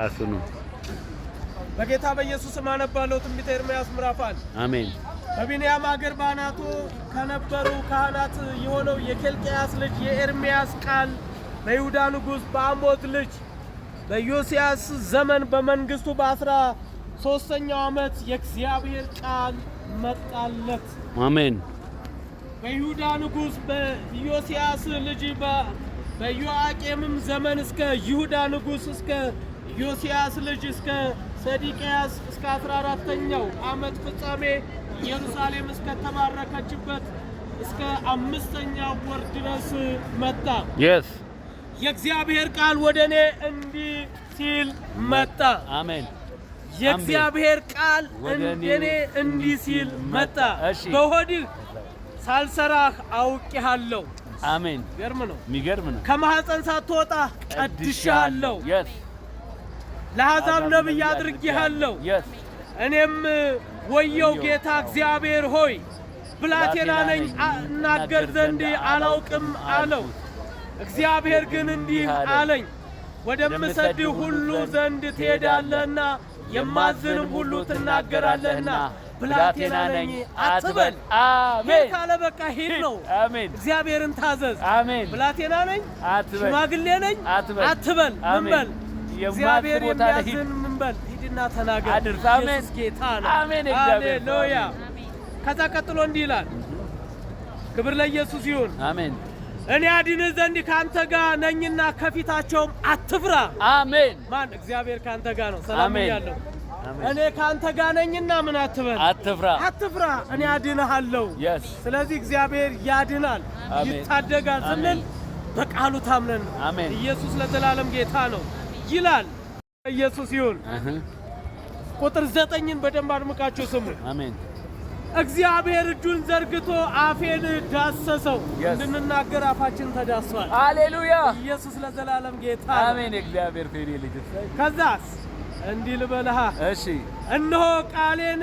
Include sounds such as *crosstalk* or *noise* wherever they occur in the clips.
ራሱ ነው። በጌታ በኢየሱስ ማነባለው ትንቢተ ኤርምያስ ምዕራፍ አንድ አሜን። በቢንያም አገር ባናቶ ከነበሩ ካህናት የሆነው የኬልቅያስ ልጅ የኤርምያስ ቃል በይሁዳ ንጉሥ በአሞት ልጅ በዮስያስ ዘመን በመንግስቱ በአስራ ሶስተኛው ዓመት የእግዚአብሔር ቃል መጣለት። አሜን። በይሁዳ ንጉሥ በዮስያስ ልጅ በዮአቄምም ዘመን እስከ ይሁዳ ንጉሥ እስከ ዮሲያስ ልጅ እስከ ሰዲቅያስ እስከ አስራ አራተኛው ዓመት ፍጻሜ ኢየሩሳሌም እስከ ተባረከችበት እስከ አምስተኛው ወር ድረስ መጣ። የእግዚአብሔር ቃል ወደ እኔ እንዲህ ሲል መጣ። አሜን። የእግዚአብሔር ቃል ወደ እኔ እንዲህ ሲል መጣ። በሆድህ ሳልሰራህ አውቄሃለሁ። አሜን። የሚገርም ነው። ከማኅፀን ሳትወጣ ቀድሻለሁ። ለአሕዛብ ነቢይ አድርጌሃለሁ። እኔም ወየው ጌታ እግዚአብሔር ሆይ ብላቴና ነኝ እናገር ዘንድ አላውቅም አለው። እግዚአብሔር ግን እንዲህ አለኝ ወደምሰድህ ሁሉ ዘንድ ትሄዳለህና የማዝንም ሁሉ ትናገራለህና ብላቴና ነኝ አትበል። አሜን ካለ በቃ ሂድ ነው። አሜን እግዚአብሔርን ታዘዝ። አሜን ብላቴና ነኝ አትበል፣ ሽማግሌ ነኝ አትበል፣ ምን በል እግዚአብሔር የሚያዝን ምን በል ሂድና ተናገር። አሜን፣ ጌታ ነው። አሜን፣ ሃሌሉያ። ከዛ ቀጥሎ እንዲህ ይላል፣ ክብር ለኢየሱስ ይሁን። አሜን። እኔ አድንህ ዘንድ ከአንተ ጋር ነኝና ከፊታቸውም አትፍራ። አሜን። ማን? እግዚአብሔር ከአንተ ጋር ነው። ሰላም እያለሁ እኔ ከአንተ ጋር ነኝና ምን አትበል፣ አትፍራ፣ አትፍራ። እኔ አድንሃለሁ። ስለዚህ እግዚአብሔር ያድናል፣ ይታደጋል ስንል በቃሉ ታምነን። አሜን። ኢየሱስ ለዘላለም ጌታ ነው። ይላል ኢየሱስ ይሁን። ቁጥር ዘጠኝን በደንብ አድምቃችሁ ስሙ። አሜን። እግዚአብሔር እጁን ዘርግቶ አፌን ዳሰሰው፣ እንድንናገር አፋችን ተዳሷል። አሌሉያ! ኢየሱስ ለዘላለም ጌታ። አሜን። እግዚአብሔር ፌሪ ልጅ ከዛስ እንዲህ ልበልሃ። እሺ እነሆ ቃሌን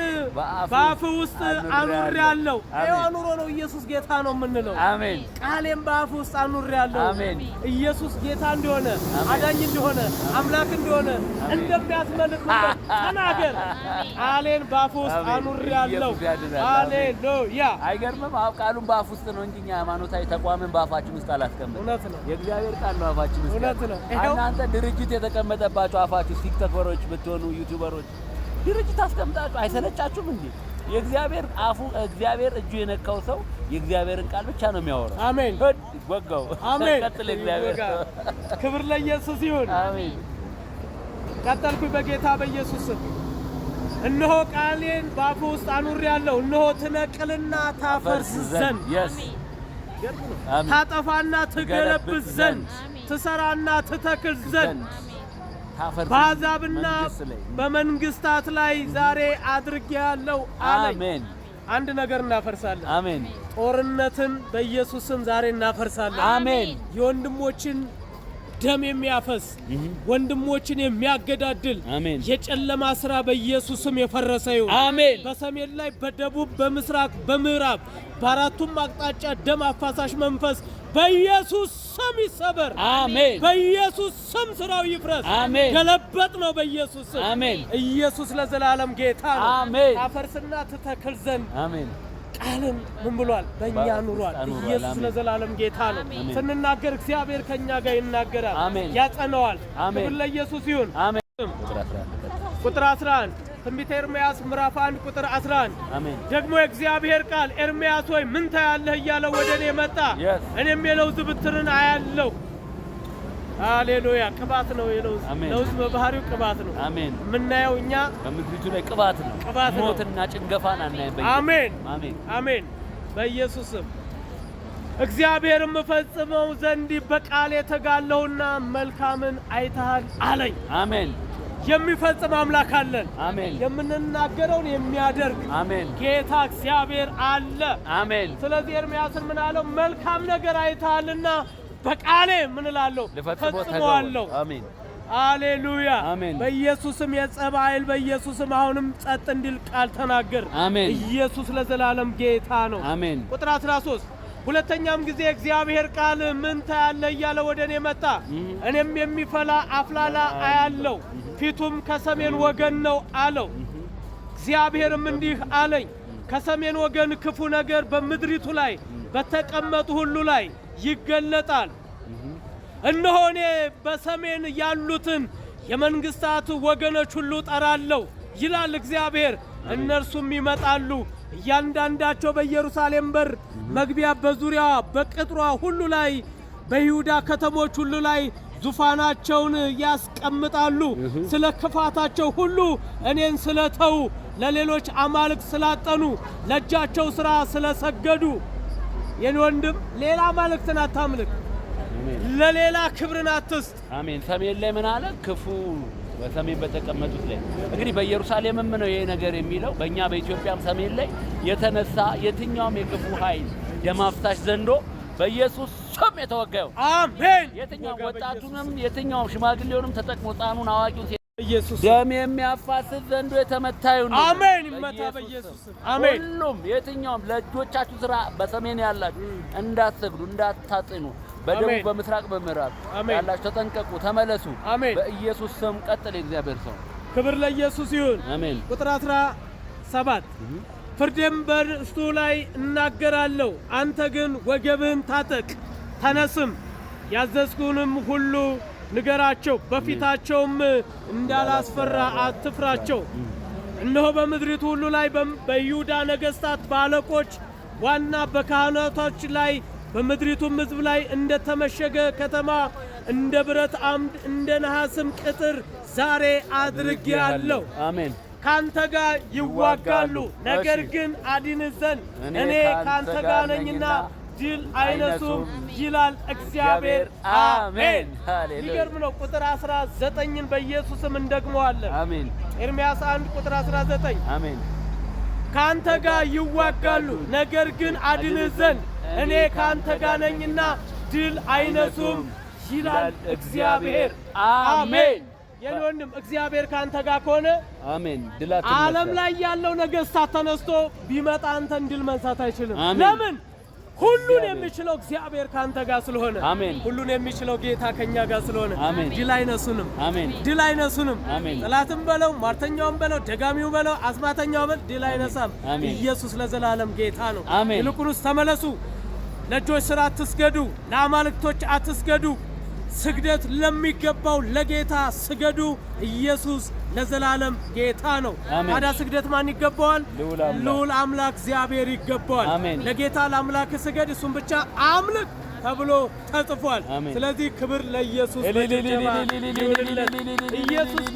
በአፍ ውስጥ አኑር ያለው ይኸው አኑሮ ነው። ኢየሱስ ጌታ ነው የምንለው። አሜን። ቃሌን በአፍ ውስጥ አኑር ያለው አሜን። ኢየሱስ ጌታ እንደሆነ አዳኝ እንደሆነ አምላክ እንደሆነ እንደሚያስመልክ *laughs* ተናገር። ቃሌን በአፍ ውስጥ አኑር ያለው ሃሌሉያ! አይገርምም? አዎ ቃሉን በአፍ ውስጥ ነው እንጂ እኛ ሃይማኖታዊ ተቋምን በአፋችን ውስጥ አላስቀምጥም። እውነት ነው። የእግዚአብሔር ቃል ነው አፋችን ውስጥ። እውነት ነው። እናንተ ድርጅት የተቀመጠባቸው አፋችሁ ቲክቶከሮች ብትሆኑ ዩቲዩበሮች ድርጅት አስቀምጣችሁ አይሰለቻችሁም እንዴ? የእግዚአብሔር አፉ እግዚአብሔር እጁ የነካው ሰው የእግዚአብሔርን ቃል ብቻ ነው የሚያወራው። አሜን። ወጋው። አሜን። ቀጥል። እግዚአብሔር ክብር ለኢየሱስ ይሁን። አሜን። ቀጠልኩኝ። በጌታ በኢየሱስ ስም። እነሆ ቃሌን በአፉ ውስጥ አኑር ያለው እነሆ ትነቅልና ታፈርስ ዘንድ ታጠፋና ትገለብጥ ዘንድ ትሰራና ትተክል ዘንድ በአሕዛብና በመንግስታት ላይ ዛሬ አድርጌ ያለው አሜን። አንድ ነገር እናፈርሳለን። አሜን። ጦርነትን በኢየሱስም ዛሬ እናፈርሳለን። አሜን። የወንድሞችን ደም የሚያፈስ ወንድሞችን የሚያገዳድል የጨለማ ስራ በኢየሱስም የፈረሰ ይሁን። አሜን። በሰሜን ላይ፣ በደቡብ፣ በምስራቅ፣ በምዕራብ በአራቱም አቅጣጫ ደም አፋሳሽ መንፈስ በኢየሱስ ስም ይሰበር። አሜን። በኢየሱስ ስም ስራው ይፍረስ። አሜን። ገለበጥ ነው በኢየሱስ ስም። አሜን። ኢየሱስ ለዘላለም ጌታ ነው። አሜን። አፈርስና ትተክል ዘንድ አሜን። ቃልን ምን ብሏል? በእኛ ኑሯል። ኢየሱስ ለዘላለም ጌታ ነው። ስንናገር እግዚአብሔር ከእኛ ጋር ይናገራል፣ ያጸነዋል። ክብር ለኢየሱስ ይሁን። ቁጥር 11 ትንቢተ ኤርምያስ ምዕራፍ 1 ቁጥር 11 ደግሞ የእግዚአብሔር ቃል ኤርምያስ ሆይ ምን ታያለህ እያለ ወደ እኔ መጣ። እኔም የለውዝ ብትርን አያለሁ። አሌሉያ! ቅባት ነው የለውዝ። ለውዝ በባህሪው ቅባት ነው። አሜን። የምናየው እኛ በምድሪቱ ላይ ቅባት ነው። ቅባት ነው። ሞትና ጭንገፋን አናይም። አሜን፣ አሜን፣ አሜን። በኢየሱስም እግዚአብሔር እፈጽመው ዘንድ በቃሌ ተጋለሁና መልካምን አይተሃል አለኝ። አሜን። የሚፈጽም አምላክ አለን። አሜን። የምንናገረውን የሚያደርግ አሜን፣ ጌታ እግዚአብሔር አለ። አሜን። ስለዚህ ኤርምያስን ምን አለው? መልካም ነገር አይተሃልና በቃሌ ምን እላለሁ? ፈጽመዋለሁ። አሜን። አሌሉያ በኢየሱስም የጸባ ኃይል በኢየሱስም አሁንም ጸጥ እንዲል ቃል ተናገር። አሜን። ኢየሱስ ለዘላለም ጌታ ነው። አሜን። ቁጥር 13 ሁለተኛም ጊዜ እግዚአብሔር ቃል ምን ታያለ እያለ ወደ እኔ መጣ። እኔም የሚፈላ አፍላላ አያለው፣ ፊቱም ከሰሜን ወገን ነው አለው። እግዚአብሔርም እንዲህ አለኝ፣ ከሰሜን ወገን ክፉ ነገር በምድሪቱ ላይ በተቀመጡ ሁሉ ላይ ይገለጣል። እነሆ እኔ በሰሜን ያሉትን የመንግስታት ወገኖች ሁሉ ጠራለሁ ይላል እግዚአብሔር። እነርሱም ይመጣሉ እያንዳንዳቸው በኢየሩሳሌም በር መግቢያ በዙሪያ በቅጥሯ ሁሉ ላይ በይሁዳ ከተሞች ሁሉ ላይ ዙፋናቸውን ያስቀምጣሉ። ስለ ክፋታቸው ሁሉ እኔን ስለተው፣ ለሌሎች አማልክ ስላጠኑ፣ ለእጃቸው ሥራ ስለሰገዱ የኔ ወንድም ሌላ አማልክትን አታምልክ፣ ለሌላ ክብርን አትስጥ። አሜን። ሰሜን ላይ ምን አለ ክፉ በሰሜን በተቀመጡት ላይ እንግዲህ በኢየሩሳሌምም ነው ይሄ ነገር የሚለው። በእኛ በኢትዮጵያም ሰሜን ላይ የተነሳ የትኛውም የክፉ ኃይል የማፍታሽ ዘንዶ በኢየሱስ ስም የተወጋዩ። አሜን። የትኛውም ወጣቱንም የትኛውም ሽማግሌውንም ተጠቅሞ ሕፃኑን አዋቂውን ኢየሱስ ደም የሚያፋስስ ዘንዶ የተመታዩ ነው። አሜን። ይመታ በኢየሱስ አሜን። ሁሉም የትኛውም ለእጆቻችሁ ስራ በሰሜን ያላችሁ እንዳትሰግዱ እንዳታጥኑ በደቡብ በምስራቅ በምዕራብ ያላችሁ ተጠንቀቁ፣ ተመለሱ። አሜን በኢየሱስ ስም ቀጥል። የእግዚአብሔር ሰው ክብር ለኢየሱስ ይሁን። አሜን። ቁጥር 17 ፍርዴም በርስቱ ላይ እናገራለሁ። አንተ ግን ወገብን ታጠቅ፣ ተነስም፣ ያዘዝኩንም ሁሉ ንገራቸው፣ በፊታቸውም እንዳላስፈራ አትፍራቸው። እነሆ በምድሪቱ ሁሉ ላይ በይሁዳ ነገሥታት፣ በአለቆች ዋና በካህናቶች ላይ በምድሪቱም ሕዝብ ላይ እንደ ተመሸገ ከተማ እንደ ብረት አምድ እንደ ነሐስም ቅጥር ዛሬ አድርጌአለሁ። አሜን። ካንተ ጋር ይዋጋሉ፣ ነገር ግን አድንህ ዘንድ እኔ ካንተ ጋር ነኝና ድል አይነሱም ይላል እግዚአብሔር። አሜን። ይገርም ነው። ቁጥር 19ን በኢየሱስም እንደግመዋለን። አሜን። ኤርምያስ 1 ቁጥር 19 አሜን። ካንተ ጋር ይዋጋሉ፣ ነገር ግን አድንህ ዘንድ እኔ ካንተ ጋር ነኝና ድል አይነሱም ይላል እግዚአብሔር። አሜን። የኔ እግዚአብሔር ካንተ ጋር ከሆነ አሜን። ድላት ዓለም ላይ ያለው ነገሥታት ተነስቶ ቢመጣ አንተን ድል መንሳት አይችልም። ለምን? ሁሉን የሚችለው እግዚአብሔር ካንተ ጋር ስለሆነ፣ አሜን። ሁሉን የሚችለው ጌታ ከኛ ጋር ስለሆነ፣ አሜን። ድል አይነሱንም፣ አሜን። ድል አይነሱንም። ጠላትም በለው ማርተኛውም በለው ደጋሚው በለው አስማተኛው በለው ድል አይነሳም። ኢየሱስ ለዘላለም ጌታ ነው። ይልቁንስ ተመለሱ። ለእጆች ሥራ አትስገዱ፣ ለአማልክቶች አትስገዱ፣ ስግደት ለሚገባው ለጌታ ስገዱ። ኢየሱስ ለዘላለም ጌታ ነው። ታዲያ ስግደት ማን ይገባዋል? ልዑል አምላክ እግዚአብሔር ይገባዋል። ለጌታ ለአምላክ ስገድ፣ እሱን ብቻ አምልክ ተብሎ ተጽፏል። ስለዚህ ክብር ለኢየሱስ።